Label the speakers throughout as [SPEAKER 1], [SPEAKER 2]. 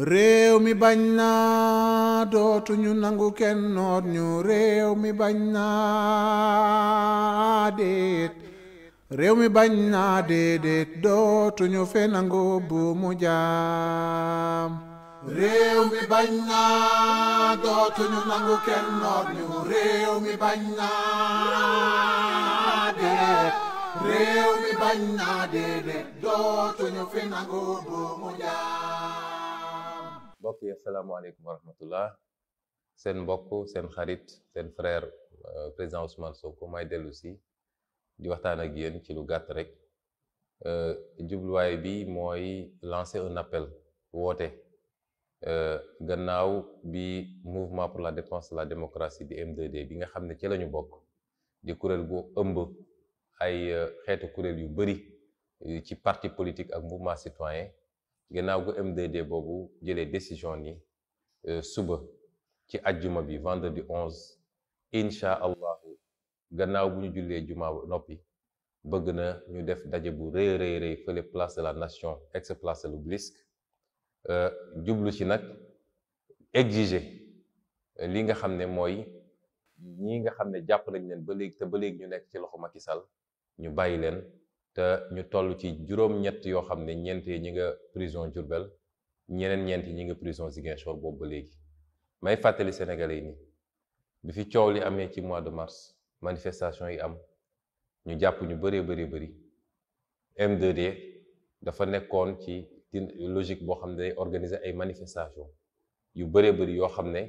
[SPEAKER 1] réew mi bañ na dootuñu nangu kenn ñu réew mi bañ naa réew mi bañ naa déedéet dootuñu fe nangu buumu jaam jaam mbokk yi asalaamaaleykum wa frère euh, président Ousmane Sonko may dellu di waxtaan ak yéen ci lu gàtt euh, un appel euh, bi mouvement pour la défense de la démocratie di M2D bi nga xam ci lañu bokk di parti politique ak mouvement citoyen ginnaaw gu M2D boobu jëlee décision ni euh, suba ci ajjuma bi vendredi 11 insha allah gannaaw bu ñu jullee jumaa noppi bëgg na ñu def daje bu rëy rëy rëy fële place de la nation ex place de l'Obélisque euh, jublu ci nag exiger euh, li nga xam ne mooy ñi nga xam ne jàpp nañ leen ba léegi te ba léegi ñu nekk ci loxo Macky ñu bàyyi leen. te ñu toll ci juróom-ñett yoo xam ne ñeent ñi nga prison Diourbel ñeneen ñeent yi ñi nga prison Ziguinchor boobu ba léegi may fàttali Sénégalais yi nii bi fi coow li amee ci mois de mars manifestation yi am ñu jàpp ñu bëree bëri bëri m d dafa nekkoon ci logique boo xam ne organiser ay manifestation yu bëree bëri yoo xam ne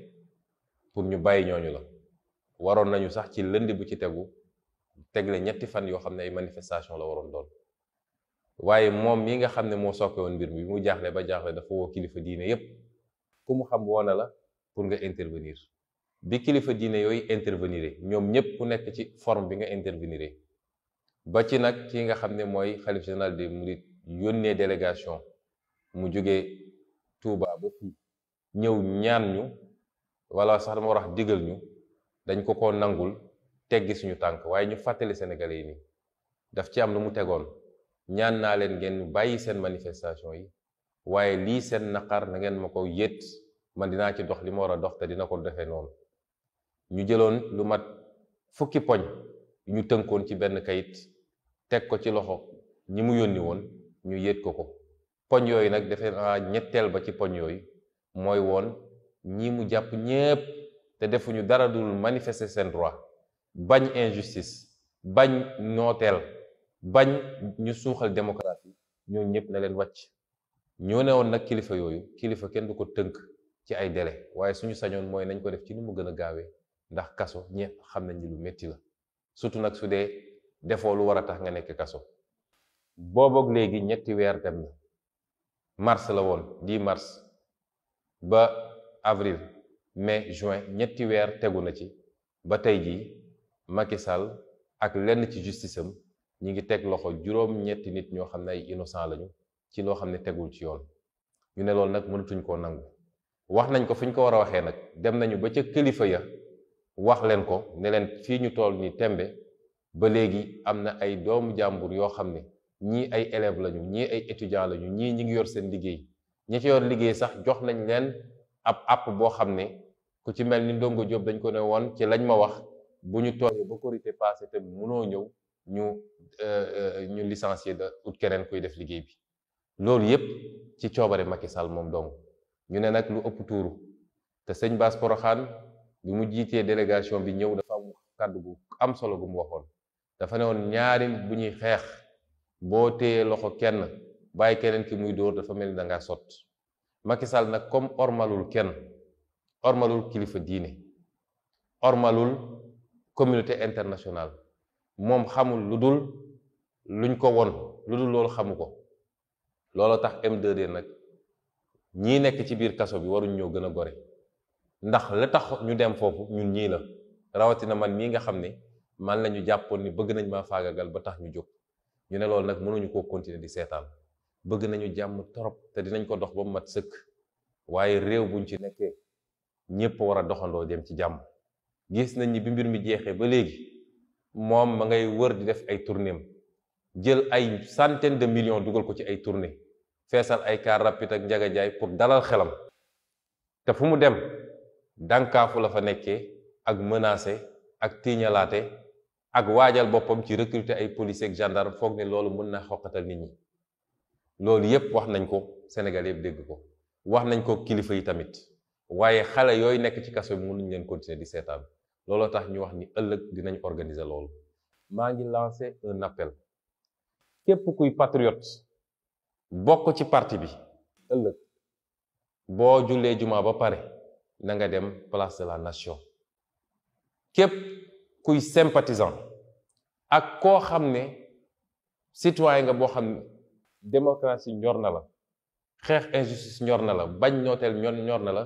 [SPEAKER 1] pour ñu bàyyi ñooñu la waroon nañu sax ci lënd bu ci tegu tegle ñetti fan yoo xam ne ay manifestation la waroon doon waaye moom mii nga xam ne moo soppe woon mbir mi bi mu jaaxle ba jaaxle dafa woo kilifa diine yëpp ku mu xam woona la pour nga intervenir bi kilifa diine yooyu intervenir ñoom ñëpp ku nekk ci forme bi nga intervenir ba ci nag ki nga xam ne mooy xalif général des mourides yónnee délégation mu jóge Touba ba fii ñëw ñaan ñu wala sax dama war a ñu dañ ko ko nangul teggi suñu tànk waaye ñu fàttali Sénégalais yi ni daf ci am lu mu tegoon ñaan naa leen ngeen bàyyi seen manifestation yi waaye lii seen naqar na ngeen ma ko yët man dinaa ci dox li ma war a dox te dina ko defee noonu ñu jëloon lu mat fukki poñ ñu tënkoon ci benn kayit teg ko ci loxo ñi mu yónni woon ñu yët ko ko poñ yooyu nag defe naa ñetteel ba ci poñ yooyu mooy woon ñi mu jàpp ñépp te defuñu dara dul manifester seen droit bañ injustice bañ nooteel bañ ñu suuxal démocratie ñooñu ñëpp na leen wàcc ñoo ne woon nag kilifa yooyu kilifa kenn du ko tënk ci ay délai waaye suñu sañoon mooy nañ ko def ci ni mu gën a gaawee ndax kaso ñëpp xam nañ ni lu métti la surtout nag su dee defoo lu war a tax nga nekk kaso booboog léegi ñetti weer dem na mars la woon di mars ba avril mais juin ñetti weer tegu na ci ba tey jii makisal ak lenn ci justice am ñi ngi teg loxo juróom-ñetti nit ñoo xam ne ay innocent lañu ci loo xam ne tegul ci yoon ñu ne loolu nag mënatuñ koo nangu wax nañ ko fi ñu ko war a waxee nag dem nañu ba ca kilifa ya wax leen ko ne leen fii ñu tool ni tembe ba léegi am na ay doomu jàmbur yoo xam ne ñii ay élèves lañu ñii ay étudiants lañu ñii ñi ngi yor seen liggéey ñi ci yor liggéey sax jox nañ leen ab app boo xam ne ku ci mel ni ndongo Diop dañ ko ne woon ci lañ ma wax bu ñu toogee ba korité passé te munoo ñëw ñu euh, euh, ñu licencié da ut keneen kuy def liggéey bi loolu yépp ci coobare Macky Sall moom dong ñu ne nag lu ëpp tuuru te sëñ Bass Porokhane bi mu jiitee délégation bi ñëw dafa am kàddu am solo gu mu waxoon dafa ne woon ñaari bu ñuy xeex boo téyee loxo kenn bàyyi keneen ki muy dóor dafa mel ni danga sot Macky Sall nag comme ormalul kenn ormalul kilifa diine ormalul communauté internationale mom xamul ludul, luñ ko won ludul dul xamuko xamu tax M2D nak ñi nek ci biir kasso bi waru ñoo gëna goré ndax la tax ñu dem fofu ñun ñi la rawatina man mi nga xam man lañu ñu ni bëgg nañ maa faagagal ba tax ñu jox ñu ne loolu nag mënuñu ko continuer di sétal bëgg nañu jamm torop té dinañ ko dox ba mat sëkk réew buñ ci nekké ñepp wara doxando dem ci jamm gis nañ ni bi mbir mi jexé ba légui mom ma ngay wër di def ay tournée jël ay centaine de millions duggal ko ci ay tournée fessal ay car rapide ak njaga jaay pour dalal xelam té fu mu dem dànkaafu la fa nekké ak menacé ak tiñalaté ak wajal bopam ci recruter ay police ak gendarme foog loolu mën na xoqatal nit ñi loolu yépp wax nañ ko Sénégal yépp dégg ko wax nañ ko kilifa yi tamit waaye xale yooyu nekk ci kaso bi mënuñ leen continuer di seetaan looloo tax ñu wax ni ëllëg dinañu organiser loolu maa ngi lancé un appel képp kuy patriote bokk ci parti bi ëllëg boo jullee jumaa ba pare na nga dem place de la nation képp kuy sympathisant ak koo xam ne citoyen nga boo xam ne démocratie ñor na la xeex injustice ñor na la bañ nooteel ñor na la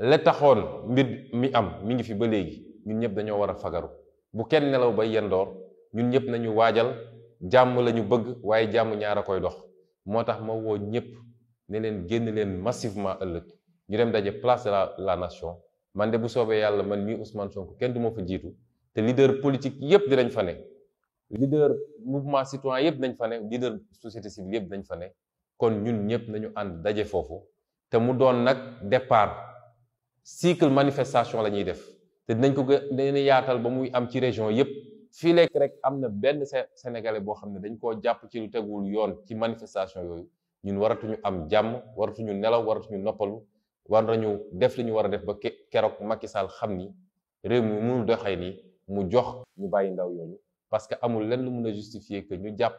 [SPEAKER 1] la taxoon mbir mi am mi ngi fi ba léegi ñun ñëpp dañoo war a fagaru bu kenn nelaw bay yendoor ñun ñëpp nañu waajal jàmm la ñu bëgg waaye jàmm ñaar a koy dox moo tax ma woo ñëpp ne leen génn leen massivement ëllëg ñu dem daje place de la la nation man de bu soobee yàlla man mii usman Sonko kenn du moo fa jiitu te leader politique yëpp dinañ fa ne. leader mouvement citoyen yëpp nañ fa ne leader société civile yëpp nañ fa ne kon ñun ñëpp nañu ànd daje foofu te mu doon nag départ. cycle manifestation la ñuy def te dinañ ko gën a yaatal ba muy am ci région yépp fii lekk rek am na benn sénégalais boo xam ne dañ koo jàpp ci lu tegul yoon ci manifestation yooyu ñun waratuñu am jàmm waratuñu nelaw waratuñu noppalu war nañu def li ñu war a def ba keroog Macky Sall xam ni réew mi mënul doxee nii mu jox ñu bàyyi ndaw yooyu parce que amul lenn lu mën a justifier que ñu jàpp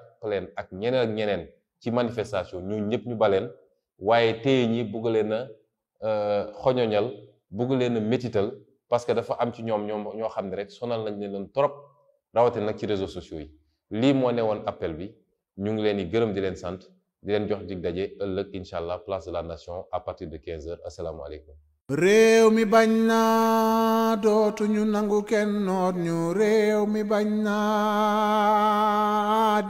[SPEAKER 1] ak ñeneen ak ñeneen ci manifestation ñun ñëpp ñu baleen waaye téye ñi bugg leen a euh, xoñoñal bëgg leen a métital parce que dafa am ci ñoom ñoom ñoo xam ne rek sonal nañ leen trop rawatina nag ci réseau sociaux yi lii moo ne woon appel bi ñu ngi leen di gërëm di leen sant di leen jox dig daje ëllëg incha allah place de la nation à partir de 15 heures asalaamaaleykum. réew mi bañ naa dootuñu nangu kenn noot ñu réew mi bañ naa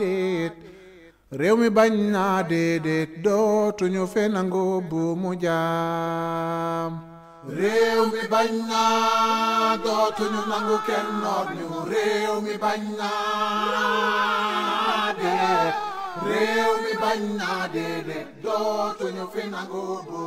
[SPEAKER 1] mi bañ naa déedéet dootuñu fe nangu bu mu jaam réew mi bañ naa dootuñu nangu kenn ñu réew mi bañ naa déedéet réew mi bañ naa déedéet dootuñu fi nangu bu